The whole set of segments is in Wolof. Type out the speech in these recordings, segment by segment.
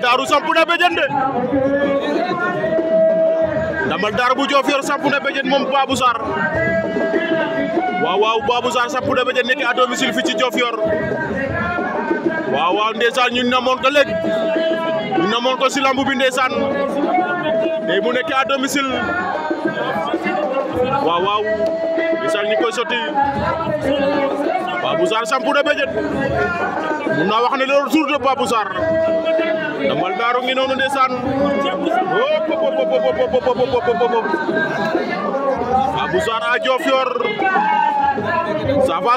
Daaru sampu na béjjén de ndamal bu Diofior sampu na béjjén moom Babou Sarr waaw waaw Babou Sarr sampu na béjjén nekk à domicile fii ci ñu namoon ko ñu namoon ko si lamb bi ndeysaan tey mu nekk à domicile waaw waaw ndeysaan ñu koy sotti Babou Sarr sampu na bëjët mun naa wax ne le retour de Babou Sarr ngi noonu ndeysaan hop hop hop hop Babou Sarr à Diofior ça va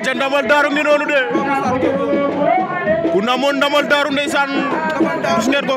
aca ndamal daaru ngi noonu de ku namoon ndamal daaru ndeysaan gis ngeen ko